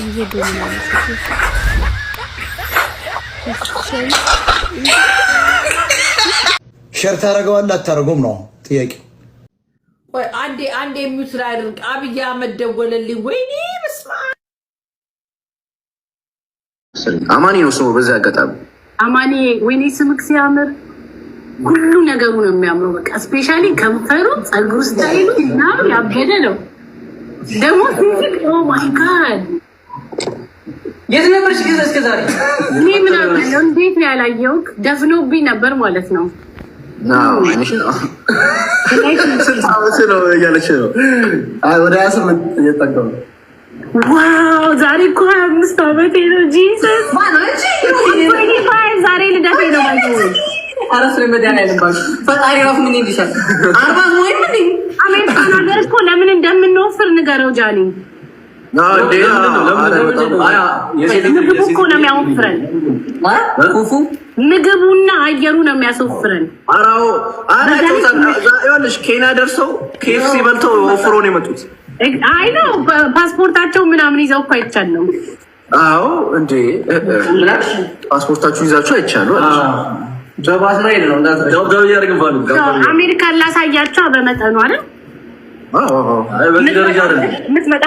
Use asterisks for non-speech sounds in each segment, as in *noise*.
እየሄዱ ነው ሸር ታደርገዋለህ አታደርጉም ነው ጥያቄ። አንዴ አንዴ ሚውት ላይ አድርግ። አብይ አህመድ ደወለልኝ። ወይኔ በስመ አማኒ ነው ስሙ። በዚህ አጋጣሚ አማኒ፣ ወይኔ ስምክ ሲያምር ሁሉ ነገሩ ነው የሚያምረው። በቃ ስፔሻሊ ከንፈሩ፣ ጸጉሩ ስታይሉ እና ያበደ ነው ደግሞ ፊዚክ ኦ ማይ ጋድ የት ነበርሽ እስከ ዛሬ? እኔ እንዴት ነው ደፍኖብኝ ነበር ማለት ነው። ዋው ዛሬ እኮ ሀያ አምስት ዓመቴ ነው። ጂሰስ ዛሬ ልደቴ ነው። አረስ ለመዳን ፈጣሪ ምን ይልሻል? አርባ አሜሪካን ሀገር እኮ ለምን እንደምንወፍር ንገረው ጃኒ ምግቡ ነው የሚያወፍረን። ምግቡና አየሩ ነው የሚያስወፍረን። ኬንያ ደርሰው ኬፍሲ በልተው ወፍሮ ነው የመጡት። አይ ነው ፓስፖርታቸው ምናምን ይዘው እኮ አይቻልም። አዎ እንዴ ፓስፖርታችሁ ይዛችሁ አይቻሉ። አሜሪካን ላሳያቸው በመጠኑ አይደል የምትመጣ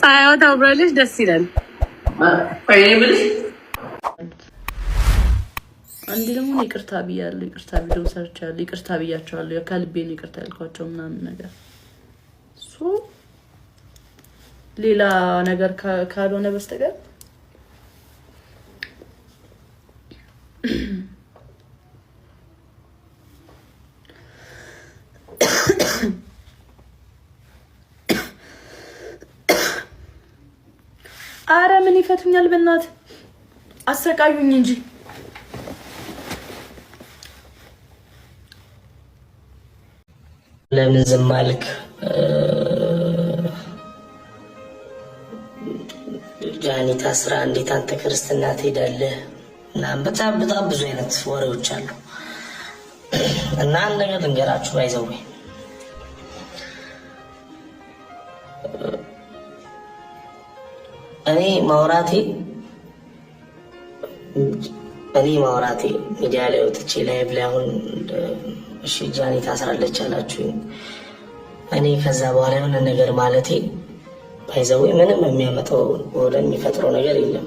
ፀሐይዋ ታምራለች። ደስ ይላል። አንድ ደግሞ ይቅርታ ብያለሁ፣ ይቅርታ ቪዲዮ ሰርቻለሁ፣ ይቅርታ ብያቸዋለሁ። ከልቤን ይቅርታ ያልኳቸው ምናምን ነገር ሌላ ነገር ካልሆነ በስተቀር ይፈቱኛል። በእናት አሰቃዩኝ እንጂ ለምን ዝም አልክ? ጃኒ ታስራ እንዴት አንተ ክርስትና ትሄዳለህ? እናም በጣም በጣም ብዙ አይነት ወሬዎች አሉ እና አንድ ነገር ልንገራችሁ ባይዘወይ ማውራቴ እኔ ማውራቴ ሚዲያ ላይ ወጥቼ ላይብ ላይ አሁን እሺ ጃኒ ታስራለች አላችሁ። እኔ ከዛ በኋላ የሆነ ነገር ማለቴ ባይዘወይ ምንም የሚያመጣው ወደሚፈጥረው ነገር የለም።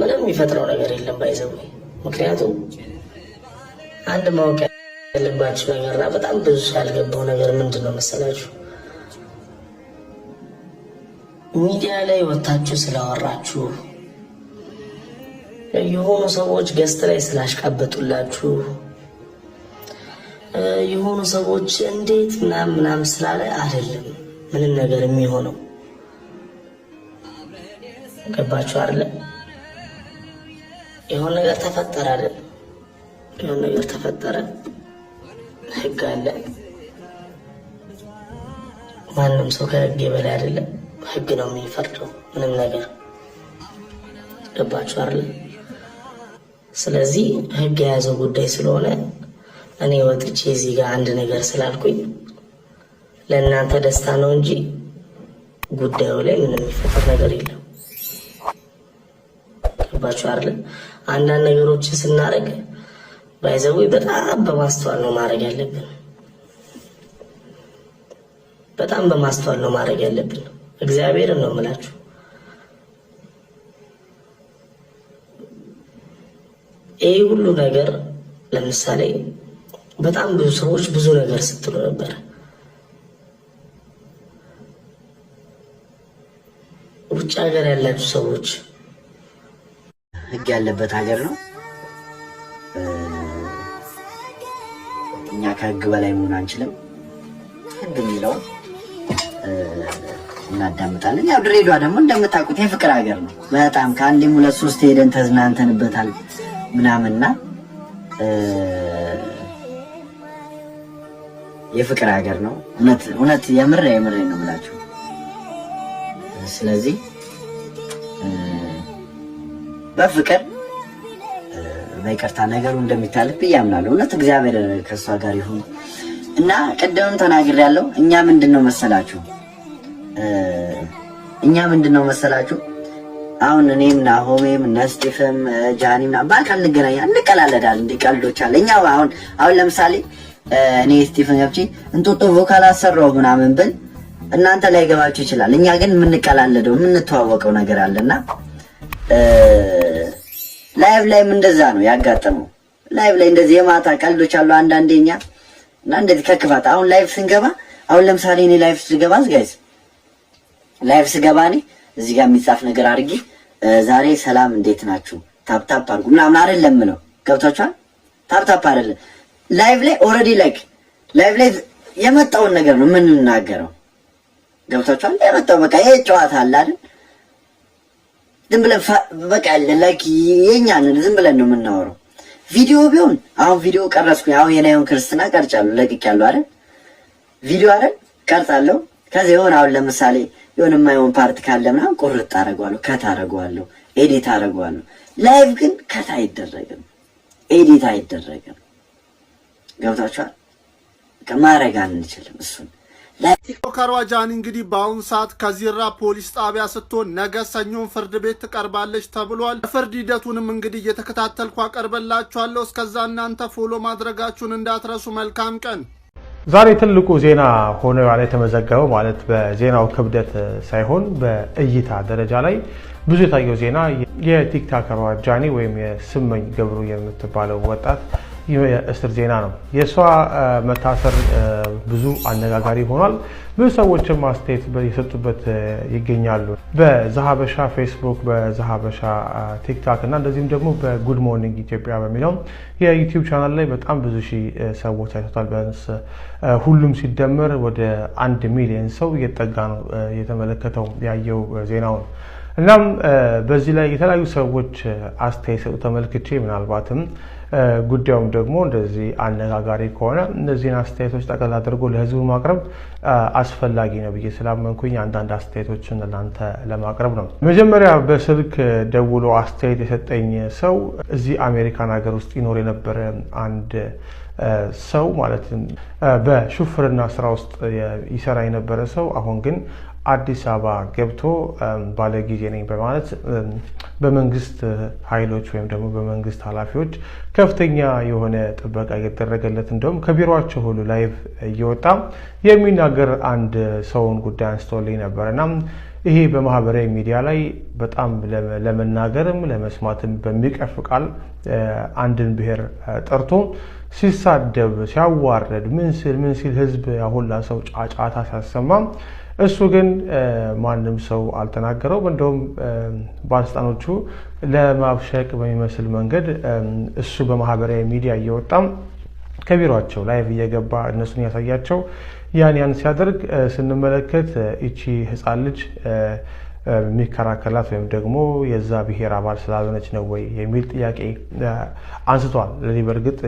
ምንም የሚፈጥረው ነገር የለም ባይዘዌ። ምክንያቱም አንድ ማወቅ ያለባችሁ ነገርና በጣም ብዙ ያልገባው ነገር ምንድን ነው መሰላችሁ ሚዲያ ላይ ወታችሁ ስላወራችሁ የሆኑ ሰዎች ገስት ላይ ስላሽቀበጡላችሁ የሆኑ ሰዎች እንዴት ምናምን ምናምን ስላለ አይደለም ምንም ነገር የሚሆነው። ገባችሁ አይደለ? የሆነ ነገር ተፈጠረ አይደል? የሆነ ነገር ተፈጠረ፣ ህግ አለ። ማንም ሰው ከህግ የበላይ አይደለም። ህግ ነው የሚፈርደው ምንም ነገር ገባችሁ አለ። ስለዚህ ህግ የያዘው ጉዳይ ስለሆነ እኔ ወጥቼ እዚህ ጋር አንድ ነገር ስላልኩኝ ለእናንተ ደስታ ነው እንጂ ጉዳዩ ላይ ምንም የሚፈጠር ነገር የለም። ገባችሁ አለ። አንዳንድ ነገሮችን ስናደርግ ባይዘዊ በጣም በማስተዋል ነው ማድረግ ያለብን። በጣም በማስተዋል ነው ማድረግ ያለብን። እግዚአብሔርን ነው የምላችሁ። ይህ ሁሉ ነገር ለምሳሌ በጣም ብዙ ሰዎች ብዙ ነገር ስትሉ ነበር። ውጭ ሀገር ያላችሁ ሰዎች ህግ ያለበት ሀገር ነው። እኛ ከህግ በላይ መሆን አንችልም። ህግ የሚለው እናዳምጣለን። ያው ድሬዳዋ ደግሞ እንደምታውቁት የፍቅር ሀገር ነው። በጣም ከአንዴም ሁለት ሶስት ሄደን ተዝናንተንበታል ምናምንና የፍቅር ሀገር ነው። እውነት እውነት የምር ነው የምላችሁ። ስለዚህ በፍቅር በይቅርታ ነገሩ እንደሚታለፍ ብያምናለሁ። እውነት እግዚአብሔር ከእሷ ጋር ይሁን እና ቅድምም ተናግሬያለሁ። እኛ ምንድን ነው መሰላችሁ እኛ ምንድን ነው መሰላችሁ አሁን እኔም ናሆሜም ነስጢፍም ጃኒም በአካል እንገናኛ እንቀላለዳል። እንዲ ቀልዶች አለ። እኛ አሁን አሁን ለምሳሌ እኔ ስጢፍን ገብቼ እንጦጦ ቮካል አሰራው ምናምን ብል እናንተ ላይ ገባችሁ ይችላል። እኛ ግን የምንቀላለደው የምንተዋወቀው ነገር አለና ላይቭ ላይም እንደዛ ነው ያጋጠመው። ላይቭ ላይ እንደዚህ የማታ ቀልዶች አሉ አንዳንዴ እኛ እና እንደዚህ ከክፋት አሁን ላይቭ ስንገባ አሁን ለምሳሌ እኔ ላይቭ ስገባ ዝጋይዝ ላይቭ ስገባ እኔ እዚህ ጋር የሚጻፍ ነገር አድርጊ። ዛሬ ሰላም እንዴት ናችሁ? ታፕታፕ አድርጉ ምናምን አይደለም ነው ገብቷችኋል? ታፕታፕ አይደለም ላይቭ ላይ ኦልሬዲ ላይክ ላይቭ ላይ የመጣውን ነገር ነው የምንናገረው። ገብቷችኋል? የመጣው በቃ ይሄ ጨዋታ አለ አይደል? ዝም ብለን በቃ ያለ ላይክ የኛን ዝም ብለን ነው የምናወረው ቪዲዮ ቢሆን አሁን ቪዲዮ ቀረስኩኝ። አሁን የናየውን ክርስትና ቀርጫለሁ ለቅቄያለሁ አይደል? ቪዲዮ አይደል ቀርጻለሁ ከዚህ የሆነ አሁን ለምሳሌ የሆነ የማይሆን ፓርት ካለ ምናምን ቁርጥ አደርገዋለሁ፣ ከት አደርገዋለሁ፣ ኤዲት አደርገዋለሁ። ላይቭ ግን ከት አይደረግም፣ ኤዲት አይደረግም። ገብታችኋል? ማድረግ አንችልም እሱን ቲክቶከሯ ጃኒ እንግዲህ በአሁኑ ሰዓት ከዚራ ፖሊስ ጣቢያ ስትሆን ነገ ሰኞን ፍርድ ቤት ትቀርባለች ተብሏል። ፍርድ ሂደቱንም እንግዲህ እየተከታተልኩ አቀርበላችኋለሁ። እስከዛ እናንተ ፎሎ ማድረጋችሁን እንዳትረሱ። መልካም ቀን ዛሬ ትልቁ ዜና ሆነ ያለ የተመዘገበው ማለት በዜናው ክብደት ሳይሆን በእይታ ደረጃ ላይ ብዙ የታየው ዜና የቲክታከሯ ጃኒ ወይም የስመኝ ገብሩ የምትባለው ወጣት የእስር ዜና ነው። የእሷ መታሰር ብዙ አነጋጋሪ ሆኗል። ብዙ ሰዎችም አስተያየት የሰጡበት ይገኛሉ። በዛሀበሻ ፌስቡክ፣ በዛሀበሻ ቲክታክ እና እንደዚሁም ደግሞ በጉድ ሞርኒንግ ኢትዮጵያ በሚለው የዩቲዩብ ቻናል ላይ በጣም ብዙ ሺህ ሰዎች አይቶታል። በንስ ሁሉም ሲደመር ወደ አንድ ሚሊዮን ሰው እየጠጋ ነው የተመለከተው ያየው ዜናውን እናም በዚህ ላይ የተለያዩ ሰዎች አስተያየት ሰጡ ተመልክቼ ምናልባትም ጉዳዩም ደግሞ እንደዚህ አነጋጋሪ ከሆነ እነዚህን አስተያየቶች ጠቅላላ አድርጎ ለህዝቡ ማቅረብ አስፈላጊ ነው ብዬ ስላመንኩኝ አንዳንድ አስተያየቶችን ለናንተ ለማቅረብ ነው። መጀመሪያ በስልክ ደውሎ አስተያየት የሰጠኝ ሰው እዚህ አሜሪካን ሀገር ውስጥ ይኖር የነበረ አንድ ሰው ማለትም በሹፍርና ስራ ውስጥ ይሰራ የነበረ ሰው አሁን ግን አዲስ አበባ ገብቶ ባለጊዜ ነኝ በማለት በመንግስት ኃይሎች ወይም ደግሞ በመንግስት ኃላፊዎች ከፍተኛ የሆነ ጥበቃ እየተደረገለት እንደውም ከቢሮቸው ሁሉ ላይቭ እየወጣ የሚናገር አንድ ሰውን ጉዳይ አንስቶልኝ ነበር እና ይሄ በማህበራዊ ሚዲያ ላይ በጣም ለመናገርም ለመስማትም በሚቀፍ ቃል አንድን ብሔር ጠርቶ ሲሳደብ ሲያዋረድ ምን ሲል ምን ሲል ህዝብ ያሁላ ሰው ጫጫታ ሲያሰማ እሱ ግን ማንም ሰው አልተናገረውም። እንደውም ባለስልጣኖቹ ለማብሸቅ በሚመስል መንገድ እሱ በማህበራዊ ሚዲያ እየወጣም ከቢሯቸው ላይቭ እየገባ እነሱን ያሳያቸው ያን ያን ሲያደርግ ስንመለከት እቺ ህፃን ልጅ የሚከራከላት ወይም ደግሞ የዛ ብሔር አባል ስላልሆነች ነው ወይ የሚል ጥያቄ አንስቷል። ለዚህ በእርግጥ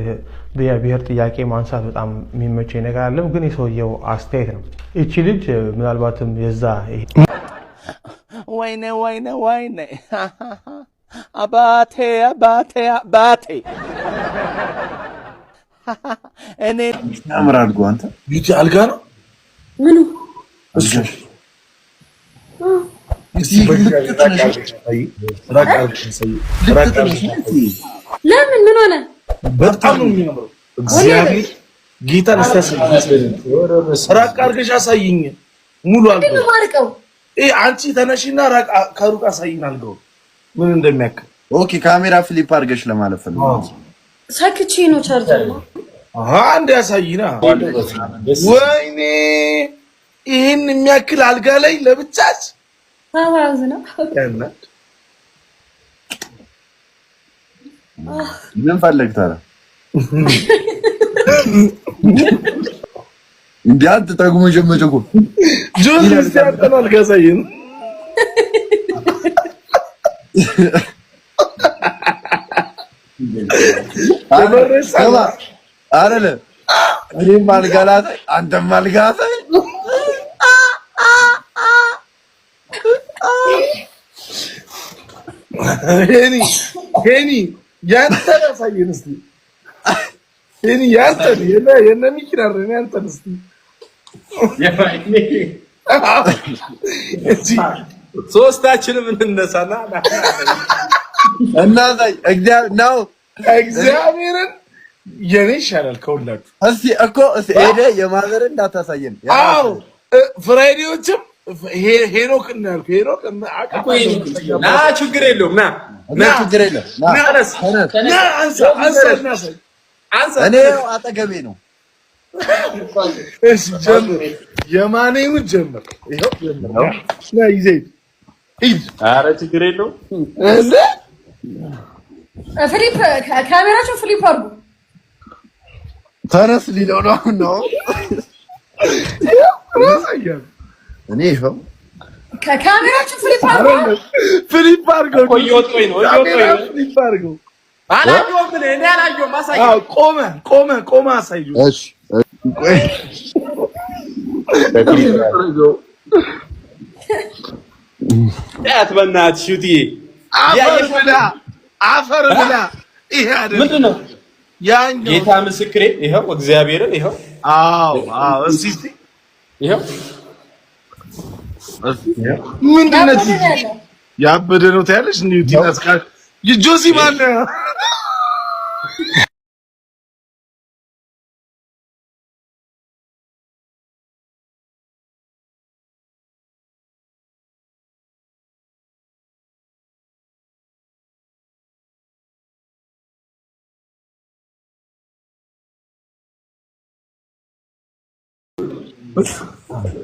የብሔር ጥያቄ ማንሳት በጣም የሚመቸኝ ነገር አለም፣ ግን የሰውየው አስተያየት ነው። ይቺ ልጅ ምናልባትም የዛ ወይኔ ወይኔ ወይኔ *laughs* አባቴ አባቴ አባቴ *laughs* እኔ ምራ አንተ ልጅ አልጋ ነው ምኑ እሱ ለምን ምን ሆነ? በጣም ነው የሚያምረው። እግዚአብሔር ጌታን ራቅ አድርገሽ አሳይኝ። ሙሉ አልቀው አንቺ ተነሽና ራቅ ከሩቅ አሳይኝ አልገው ምን እንደሚያክል ኦኬ። ካሜራ ፍሊፕ አድርገሽ ለማለት ፈልጋለሁ። ሰክቼ ነው ቻርጀር ነው። አሃ አንዴ ወይኔ ይህን የሚያክል አልጋ ላይ ለብቻች ሀውዝ ነው። ምን ፈለግ ታዲያ? እንደ አንተ ጠጉሞ ጀመጀጎ አንተም አልጋ ሄኒ ያንተን አሳየን እስኪ። ሄኒ ያንተን የእነ ሚኪን አይደል? ያንተን እስኪ ሶስታችንም እንነሳና እናሳይ። እግዚአብሔርን የኔ ይሻላል ከሁላችሁ። እስኪ እኮ ሄደህ የማዘርን እንዳታሳየን። አዎ ፍራይዴዎችም ሄኖክ እናልኩ ሄኖክ ና ችግር የለውም። ና ና ችግር የለውም። ና ና አንሳ አንሳ ነው። እሺ ጀምር፣ የማኔውን ጀምር። ይኸው ጀምር። ና ይዘህ ችግር የለውም። እንደ ካሜራቸው ፍሊፕ አድርጉ። ተረስ ሊለው ነው ነው እኔ ይኸው ከካሜራችን ፍሊፕ አድርገው ፍሊፕ አድርገው እኮ እየወጡኝ ነው እየወጡኝ ነው። ፍሊፕ አድርገው አላየሁም እኔ አላየሁም። አሳየው። አዎ ቆመ ቆመ ቆመ። አሳየው። እሺ ያት በእናትሽ ሹትዬ አፈር ብላ አፈር ብላ። ይሄ አይደለም ምንድን ነው ያኛው? ጌታ ምስክሬ ይኸው እግዚአብሔርን ይኸው። አዎ አዎ። እዚህ ይኸው ምንድን ነው ያበደ ነው ታያለሽ። እንዴ ቲናስካ ጆሲ ማን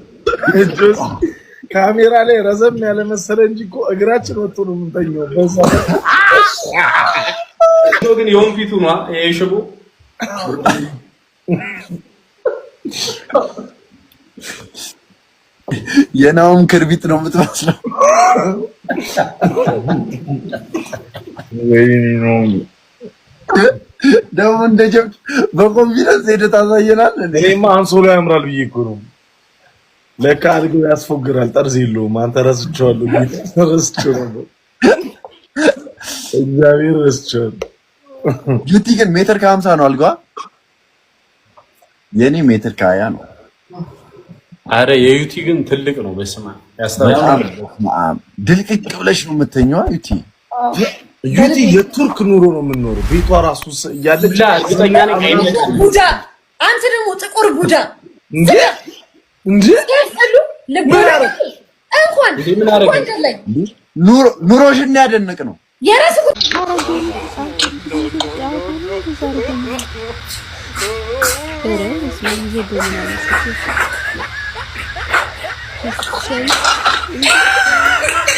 *laughs* ካሜራ ላይ ረዘም ያለ መሰለ እንጂ እኮ እግራችን ወጥቶ ነው የምንተኛው። በዛ ግን የሆን ነው የሽቦ የናውም ክርቢት ነው የምትመስለው። ደግሞ እንደ ጀብድ በኮንፊደንስ ሄደህ ታሳየናል። እኔማ አንሶላ ያምራል ብዬ እኮ ነው ለካ አልገው ያስፎግራል። ጠርዝ የለውም። አንተ ረስቼዋለሁ፣ ረስቼው ነበር። እግዚአብሔር ረስቼዋለሁ። ዩቲ ግን ሜትር ከሀምሳ ነው አልጋ። የኔ ሜትር ከሀያ ነው። አረ የዩቲ ግን ትልቅ ነው። በስማ ያስታውቃል። ድልቅቅ ብለሽ ነው የምተኛዋ ዩቲ። ዩቲ የቱርክ ኑሮ ነው የምንኖረው። ቤቷ ራሱ እያለች ቡዳ። አንተ ደግሞ ጥቁር ቡዳ ኑሮሽን ያደንቅ ነው። *laughs*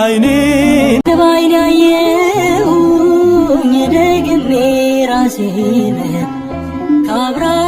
አይኔ ባይን ያየሁኝ ደግሜ ራሴን ካብራ